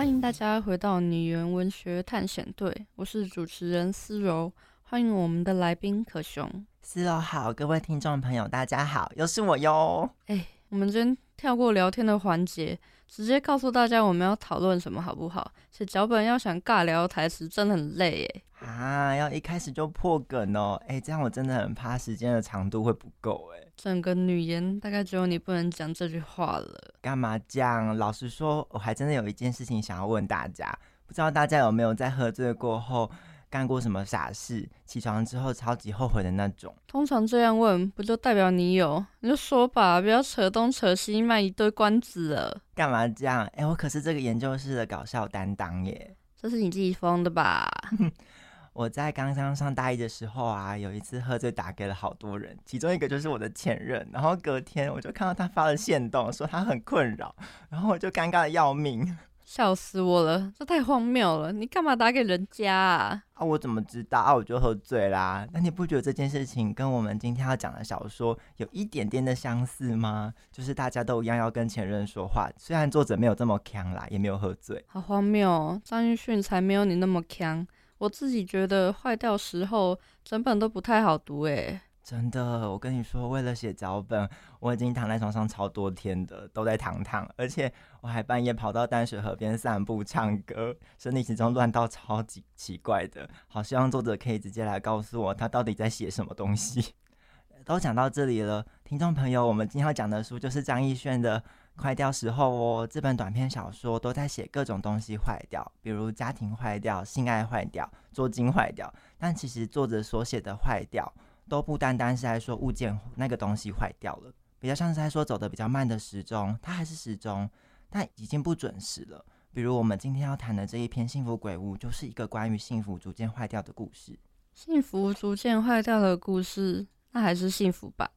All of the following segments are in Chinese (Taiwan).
歡迎大家回到女研文學探險隊，我是主持人思柔，歡迎我們的來賓可熊。思柔好，各位聽眾朋友，大家好，又是我喲。哎、欸，我們今天跳過聊天的環節。直接告訴大家我們要討論什麼好不好？寫腳本要想尬聊台詞真的很累哎！啊，要一開始就破梗哦！哎、欸，這樣我真的很怕時間的長度會不夠哎。整個女研大概只有你不能講這句話了。幹嘛這樣？老實說，我還真的有一件事情想要問大家，不知道大家有沒有在喝醉過後？幹過什麼傻事？起床之後超級後悔的那種。通常這樣問，不就代表你有？你就說吧，不要扯東扯西，賣一堆關子了。幹嘛這樣？誒、欸，我可是這個研究室的搞笑擔當耶。這是你自己封的吧？ 我在剛剛上大一的時候啊，有一次喝醉打給了好多人，其中一個就是我的前任。然後隔天我就看到他發了限動，說他很困擾，然後我就尷尬的要命。笑死我了，這太荒謬了！你幹嘛打給人家啊？啊，我怎麼知道啊？我就喝醉啦。那你不覺得這件事情跟我們今天要講的小說有一點點的相似嗎？就是大家都一樣要跟前任說話，雖然作者沒有這麼鏘啦，也沒有喝醉。好荒謬！張亦絢才沒有你那麼鏘。我自己覺得壞掉時候，整本都不太好讀誒、欸。真的，我跟你說，為了寫腳本，我已經躺在床上超多天的，都在躺躺，而且我還半夜跑到淡水河邊散步、唱歌，身體其中亂到超級奇怪的。好，希望作者可以直接來告訴我，他到底在寫什麼東西。 都講到這裡了，聽眾朋友，我們今天要講的書就是張亦絢的《壞掉時候》哦。這本短篇小說都在寫各種東西壞掉，比如家庭壞掉、性愛壞掉、作精壞掉，但其實作者所寫的壞掉。都不單單是在說物件那個東西壞掉了，比較像是在說走得比較慢的時鐘，它還是時鐘，但已經不準時了。比如我們今天要談的這一篇《幸福鬼屋》，就是一個關於幸福逐漸壞掉的故事。幸福逐漸壞掉的故事，那還是幸福吧？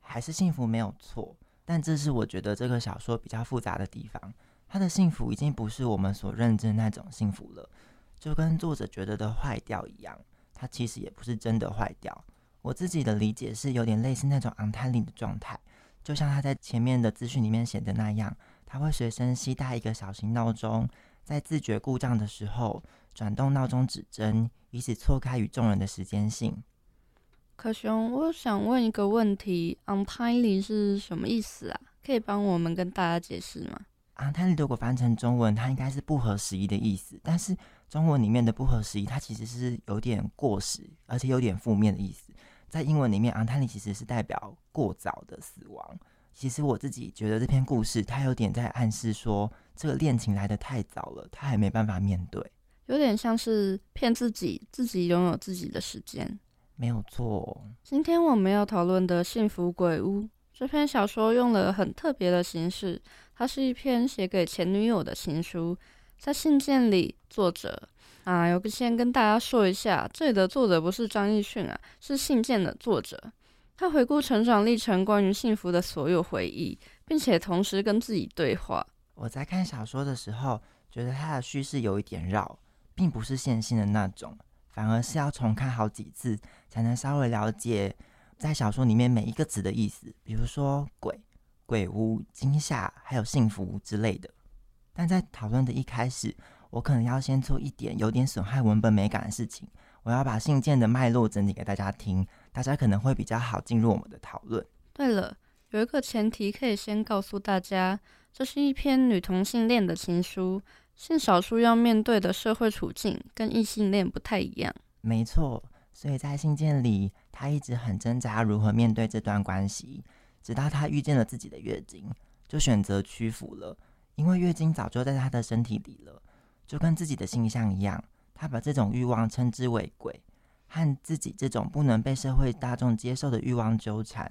還是幸福沒有錯。但這是我覺得這個小說比較複雜的地方，它的幸福已經不是我們所認知的那種幸福了，就跟作者覺得的壞掉一樣，它其實也不是真的壞掉。我自己的理解是有點類似那種 “untimely” 的狀態，就像他在前面的資訊裡面寫的那樣，他會隨身攜帶一個小型鬧鐘，在自覺故障的時候轉動鬧鐘指針，以此錯開與眾人的時間性。可熊，我想問一個問題，“untimely” 是什麼意思啊？可以幫我們跟大家解釋嗎？“untimely” 如果翻成中文，它應該是不合時宜的意思。但是中文裡面的“不合時宜”，它其實是有點過時，而且有點負面的意思。在英文裡面 Antony 其實是代表過早的死亡。其實我自己覺得這篇故事，它有點在暗示說，這個戀情來得太早了，他還沒辦法面對。有點像是騙自己，自己擁有自己的時間。沒有錯哦。今天我們要討論的《幸福鬼屋》這篇小說用了很特別的形式，它是一篇寫給前女友的情書。在信件裡，作者。啊，有個先跟大家說一下，這裡的作者不是張亦絢啊，是信件的作者。他回顧成長歷程，關於幸福的所有回憶，並且同時跟自己對話。我在看小說的時候，覺得他的敘事有一點繞，並不是線性的那種，反而是要重看好幾次，才能稍微了解在小說裡面每一個詞的意思，比如說鬼、鬼屋、驚嚇，還有幸福之類的。但在討論的一開始。我可能要先做一點有點損害文本美感的事情，我要把信件的脈絡整理給大家聽，大家可能會比較好進入我們的討論。對了，有一個前提可以先告訴大家，這是一篇女同性戀的情書，性少數要面對的社會處境跟異性戀不太一樣。沒錯，所以在信件裡，她一直很掙扎如何面對這段關係，直到她遇見了自己的月經，就選擇屈服了，因為月經早就在她的身體裡了。就跟自己的形象一樣，他把這種慾望稱之為鬼，和自己這種不能被社會大眾接受的慾望糾纏，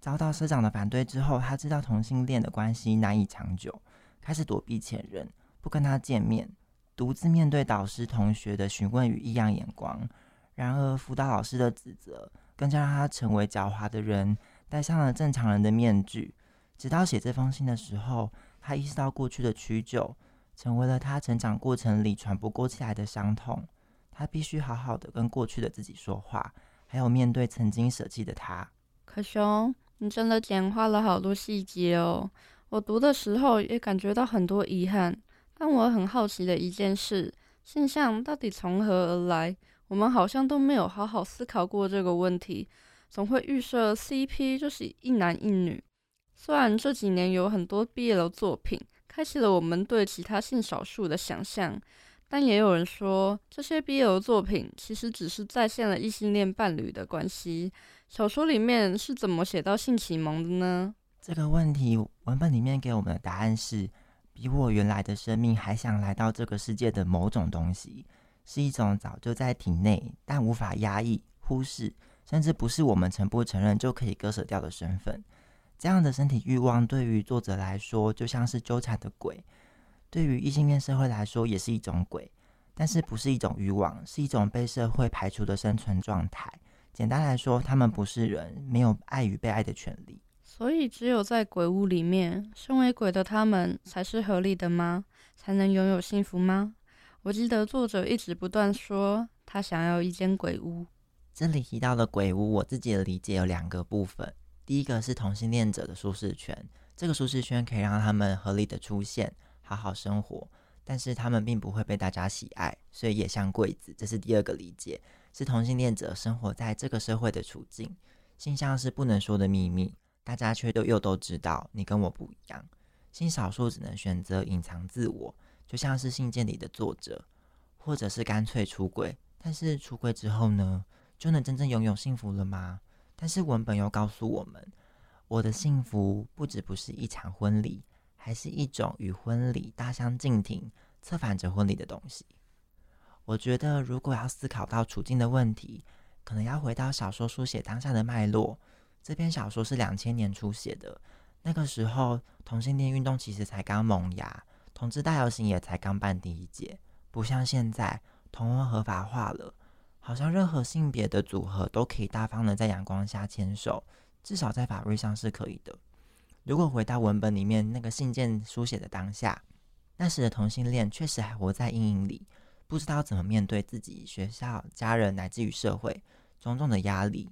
遭到社長的反對之後，他知道同性戀的關係難以長久，開始躲避前任，不跟他見面，獨自面對導師、同學的詢問與異樣眼光。然而輔導老師的指責，更加讓他成為狡猾的人，戴上了正常人的面具。直到寫這封信的時候，他意識到過去的屈就。成為了他成長過程裡喘不過氣來的傷痛，他必須好好的跟過去的自己說話，還有面對曾經捨棄的他。可熊，你真的簡化了好多細節哦。我讀的時候也感覺到很多遺憾。但我很好奇的一件事，現象到底從何而來？我們好像都沒有好好思考過這個問題，總會預設 CP 就是一男一女。雖然這幾年有很多 BL 的作品。開啟了我們對其他性少數的想象，但也有人說，這些 BL 作品其實只是再現了異性戀伴侶的關係。小說裡面是怎麼寫到性啟蒙的呢？這個問題，文本裡面給我們的答案是：比我原來的生命還想來到這個世界的某種東西，是一種早就在體內但無法壓抑、忽視，甚至不是我們承不承認就可以割捨掉的身份。這樣的身體慾望對於作者來說就像是糾纏的鬼，對於異性戀社會來說也是一種鬼，但是不是一種慾望，是一種被社會排除的生存狀態。簡單來說，他們不是人，沒有愛與被愛的權利。所以，只有在鬼屋裡面，身為鬼的他們才是合理的嗎？才能擁有幸福嗎？我記得作者一直不斷說，他想要一間鬼屋。這裡提到的鬼屋，我自己的理解有兩個部分。第一個是同性戀者的舒適圈，這個舒適圈可以讓他們合理的出現，好好生活，但是他們並不會被大家喜愛，所以也像櫃子。這是第二個理解，是同性戀者生活在這個社會的處境，性向是不能說的秘密，大家卻都又都知道。你跟我不一樣，性少數只能選擇隱藏自我，就像是信件裡的作者，或者是乾脆出櫃。但是出櫃之後呢，就能真正擁有幸福了嗎？但是文本又告訴我們，我的幸福不只不是一場婚禮，還是一種與婚禮大相徑庭、策反着婚禮的東西。我覺得，如果要思考到處境的問題，可能要回到小說書寫當下的脈絡。這篇小說是兩千年初寫的，那個時候同性戀運動其實才剛萌芽，同志大遊行也才剛辦第一屆，不像現在，同婚合法化了。好像任何性別的組合都可以大方的在陽光下牽手，至少在法律上是可以的。如果回到文本裡面那個信件書寫的當下，那時的同性戀確實還活在陰影裡，不知道怎麼面對自己、學校、家人乃至於社會種種的壓力。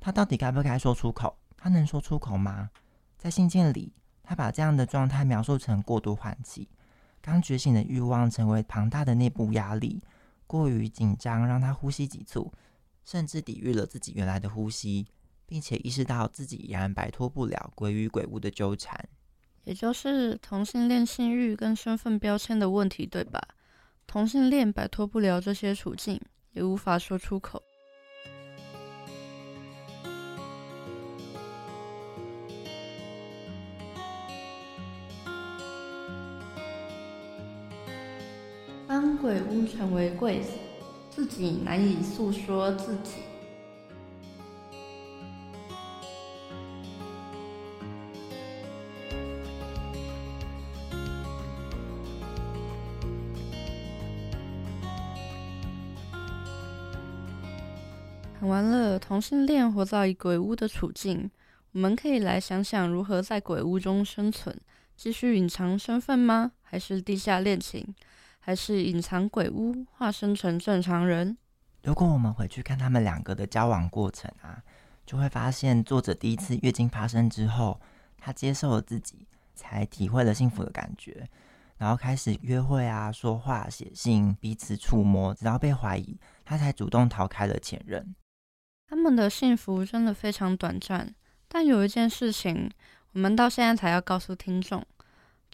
他到底該不該說出口？他能說出口嗎？在信件裡，他把這樣的狀態描述成過度換氣，剛覺醒的慾望成為龐大的內部壓力。過於緊張，讓他呼吸急促，甚至抵禦了自己原來的呼吸，並且意識到自己依然擺脫不了鬼與鬼屋的糾纏。也就是同性戀性慾跟身份標籤的問題，對吧？同性戀擺脫不了這些處境，也無法說出口。鬼屋成為櫃子，自己難以訴說自己。講完了同性戀活在鬼屋的處境，我們可以來想想如何在鬼屋中生存，繼續隱藏身份嗎？還是地下戀情？還是隱藏鬼屋，化身成正常人？如果我們回去看他們兩個的交往過程啊，就會發現作者第一次月經發生之後，他接受了自己，才體會了幸福的感覺，然後開始約會啊，說話、寫信，彼此觸摸，直到被懷疑，他才主動逃開了前任。他們的幸福真的非常短暫，但有一件事情，我們到現在才要告訴聽眾。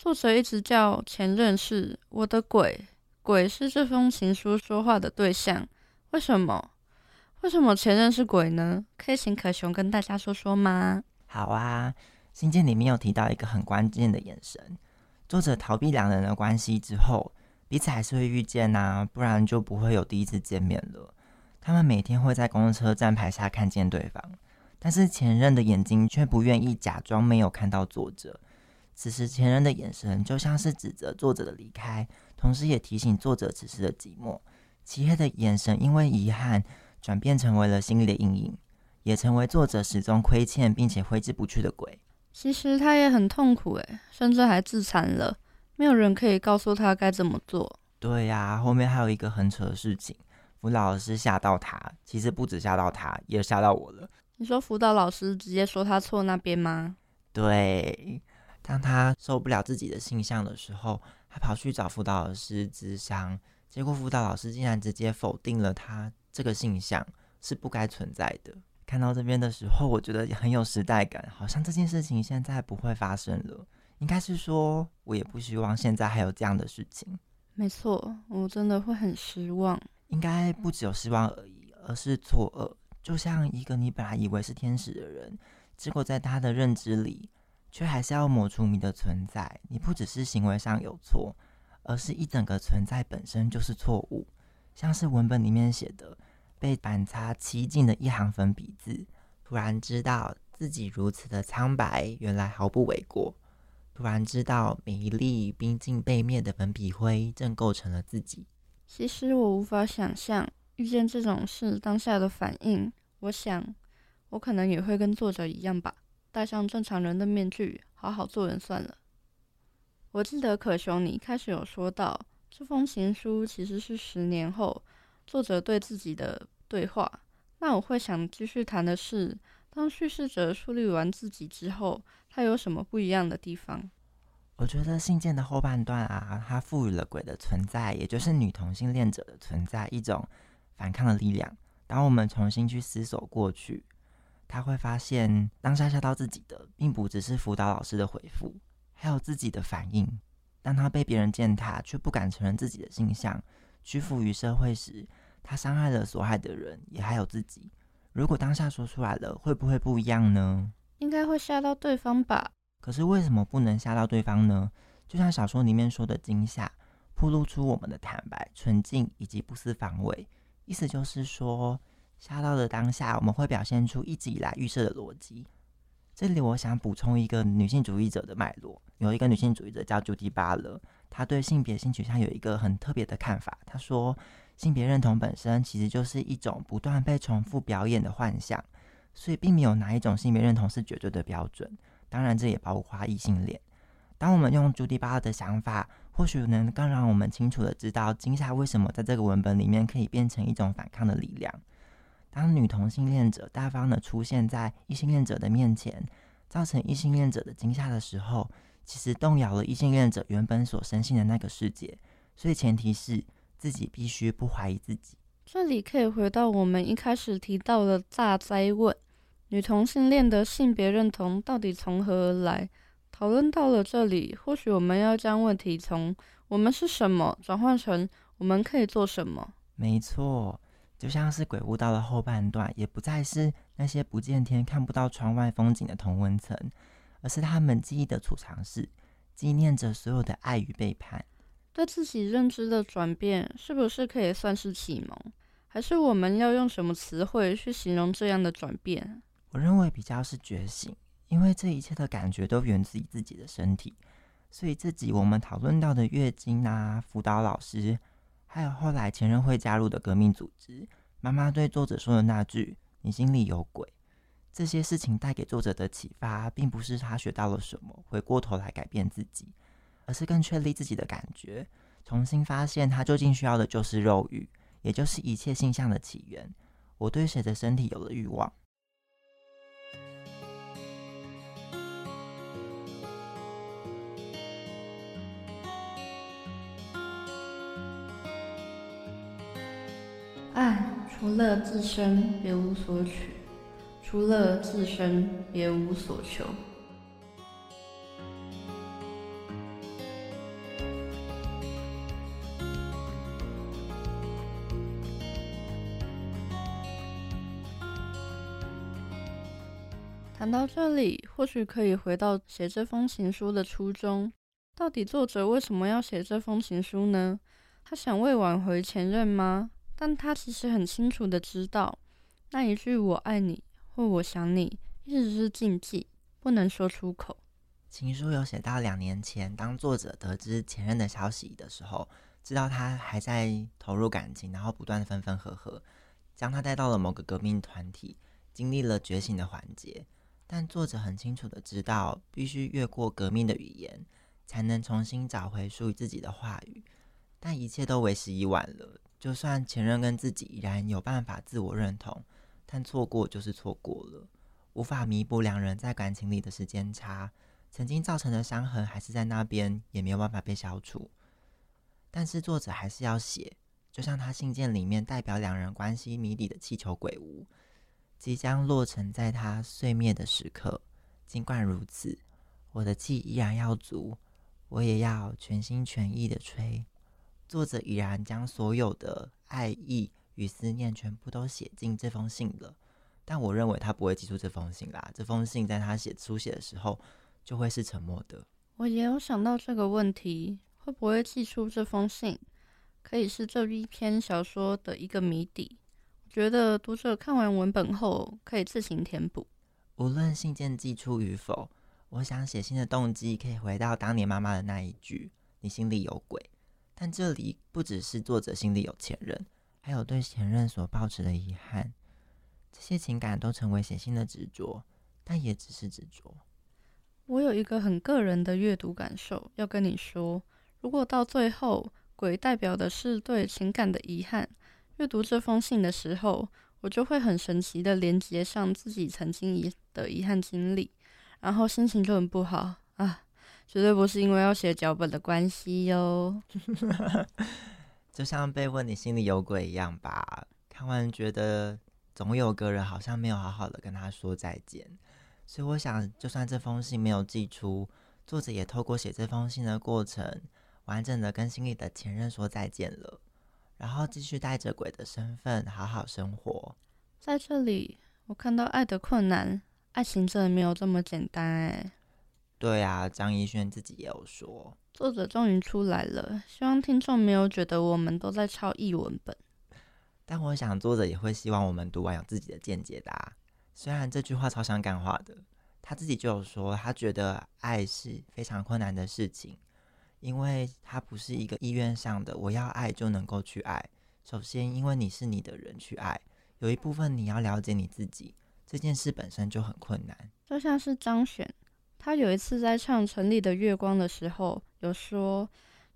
作者一直叫前任是我的鬼，鬼是這封情書說話的對象。為什麼？為什麼前任是鬼呢？可以請可熊跟大家說說嗎？好啊，信件裡面有提到一個很關鍵的眼神。作者逃避兩人的關係之後，彼此還是會遇見吶、啊，不然就不會有第一次見面了。他們每天會在公車站牌下看見對方，但是前任的眼睛卻不願意假裝沒有看到作者。此時，前任的眼神就像是指責作者的離開，同時也提醒作者此時的寂寞。漆黑的眼神因為遺憾，轉變成為了心裡的陰影，也成為作者始終虧欠並且揮之不去的鬼。其實他也很痛苦誒，甚至還自殘了。沒有人可以告訴他該怎麼做。對呀，後面還有一個很扯的事情，輔導老師嚇到他。其實不止嚇到他，也嚇到我了。你說輔導老師直接說他錯那邊嗎？對。當他受不了自己的性向的時候，他跑去找輔導老師諮商，結果輔導老師竟然直接否定了他這個性向是不該存在的。看到這邊的時候，我覺得也很有時代感，好像這件事情現在不會發生了。應該是說，我也不希望現在還有這樣的事情。沒錯，我真的會很失望。應該不只有失望而已，而是錯愕。就像一個你本來以為是天使的人，結果在他的認知裡。卻還是要抹除你的存在。你不只是行為上有錯，而是一整個存在本身就是錯誤。像是文本裡面寫的，被板擦擦淨的一行粉筆字，突然知道自己如此的蒼白，原來毫不為過。突然知道每一粒冰晶背面的粉筆灰，正構成了自己。其實我無法想象遇見這種事當下的反應。我想，我可能也會跟作者一樣吧。戴上正常人的面具，好好做人算了。我記得可熊，你開始有說到，這封情書其實是十年後作者對自己的對話。那我會想繼續談的是，當敘事者樹立完自己之後，它有什麼不一樣的地方？我覺得信件的後半段啊，它賦予了鬼的存在，也就是女同性戀者的存在，一種反抗的力量。當我們重新去思索過去。他會發現，當下嚇到自己的，並不只是輔導老師的回覆，還有自己的反應。當他被別人踐踏，卻不敢承認自己的性向，屈服於社會時，他傷害了所害的人，也還有自己。如果當下說出來了，會不會不一樣呢？應該會嚇到對方吧。可是為什麼不能嚇到對方呢？就像小說裡面說的，驚嚇，暴露出我們的坦白、純淨以及不思防衛，意思就是說。嚇到的當下，我們會表現出一直以來預設的邏輯。這裡我想補充一個女性主義者的脈絡，有一個女性主義者叫朱迪巴勒，她對性別性取向有一個很特別的看法。她說，性別認同本身其實就是一種不斷被重複表演的幻想，所以並沒有哪一種性別認同是絕對的標準。當然，這也包括異性戀。當我們用朱迪巴勒的想法，或許能更讓我們清楚的知道，驚嚇為什麼在這個文本裡面可以變成一種反抗的力量。當女同性戀者大方的出現在異性戀者的面前，造成異性戀者的驚嚇的時候，其實動搖了異性戀者原本所深信的那個世界。所以前提是自己必須不懷疑自己。這裡可以回到我們一開始提到的大哉問：女同性戀的性別認同到底從何而來？討論到了這裡，或許我們要將問題從“我們是什麼”轉換成“我們可以做什麼”。沒錯。就像是鬼屋到了後半段，也不再是那些不見天、看不到窗外風景的同溫層，而是他們記憶的儲藏室，紀念着所有的愛與背叛。對自己認知的轉變，是不是可以算是啟蒙？還是我們要用什麼詞彙去形容這樣的轉變？我認為比較是覺醒，因為這一切的感覺都源自於自己的身體。所以，這集我們討論到的月經啊，輔導老師。還有後來前任會加入的革命組織，媽媽對作者說的那句“你心裡有鬼”，這些事情帶給作者的啟發，並不是他學到了什麼，回過頭來改變自己，而是更確立自己的感覺，重新發現他究竟需要的就是肉欲，也就是一切性向的起源。我對誰的身體有了欲望？愛除了自身別無所取，除了自身別無所求。談到這裡，或許可以回到寫這封情書的初衷。到底作者為什麼要寫這封情書呢？他想為了挽回前任嗎？但他其實很清楚的知道，那一句“我愛你”或“我想你”一直是禁忌，不能說出口。情書有寫到，兩年前當作者得知前任的消息的時候，知道他還在投入感情，然後不斷分分合合，將他帶到了某個革命團體，經歷了覺醒的環節。但作者很清楚的知道，必須越過革命的語言，才能重新找回屬於自己的話語。但一切都為時已晚了。就算前任跟自己依然有辦法自我認同，但錯過就是錯過了，無法彌補兩人在感情裡的時間差，曾經造成的傷痕還是在那邊，也沒有辦法被消除。但是作者還是要寫，就像他信件裡面代表兩人關係謎底的氣球鬼屋，即將落成在他碎滅的時刻。儘管如此，我的氣依然要足，我也要全心全意的吹。作者已然將所有的愛意與思念全部都寫進這封信了，但我認為他不會寄出這封信啦。這封信在他寫書寫的時候就會是沉默的。我也有想到這個問題，會不會寄出這封信？可以是這一篇小說的一個謎底。我覺得讀者看完文本後可以自行填補。無論信件寄出與否，我想寫信的動機可以回到當年媽媽的那一句：“你心裡有鬼。”但這裡不只是作者心裡有前任，還有對前任所抱持的遺憾，這些情感都成為寫信的執着，但也只是執着。我有一個很個人的閱讀感受要跟你說，如果到最後鬼代表的是對情感的遺憾，閱讀這封信的時候，我就會很神奇的連接上自己曾經遺的遺憾經歷，然後心情就很不好啊。絕對不是因為要寫腳本的關係喲，就像被問你心裡有鬼一樣吧。看完覺得總有個人好像沒有好好的跟他說再見，所以我想，就算這封信沒有寄出，作者也透過寫這封信的過程，完整的跟心裡的前任說再見了，然後繼續帶着鬼的身份好好生活。在這裡，我看到愛的困難，愛情真的沒有這麼簡單哎、欸。對啊，張亦絢自己也有說，作者終於出來了，希望聽眾沒有覺得我們都在抄譯文本。但我想作者也會希望我們讀完有自己的見解的、啊、雖然這句話超像幹話的，他自己就有說，他覺得愛是非常困難的事情，因為他不是一個意願上的，我要愛就能夠去愛。首先，因為你是你的人去愛，有一部分你要了解你自己，這件事本身就很困難。就像是張亦絢。他有一次在唱《城裡的月光》的時候，有說：“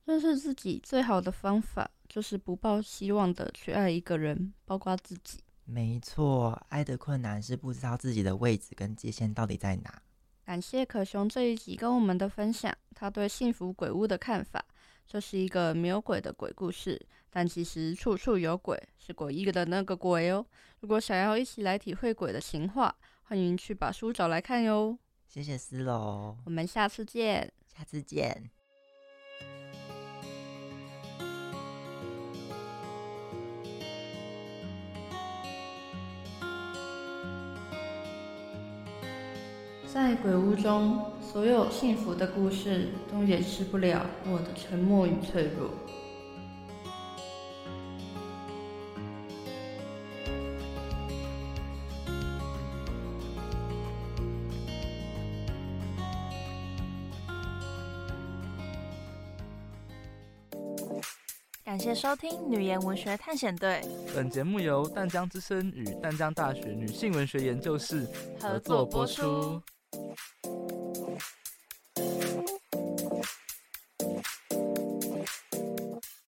認識自己最好的方法，就是不抱希望的去愛一個人，包括自己。”沒錯，愛的困難是不知道自己的位置跟界限到底在哪。感謝可熊這一集跟我們的分享，他對《幸福鬼屋》的看法。這、就是一個沒有鬼的鬼故事，但其實處處有鬼，是詭異的那個鬼哦。如果想要一起來體會鬼的情話，歡迎去把書找來看喲。謝謝思柔，我們下次見。下次見。在鬼屋中，所有幸福的故事都掩飾不了我的沉默與脆弱。感謝收聽《女研文學探險隊》。本節目由淡江之聲與淡江大學女性文學研究室合作播出。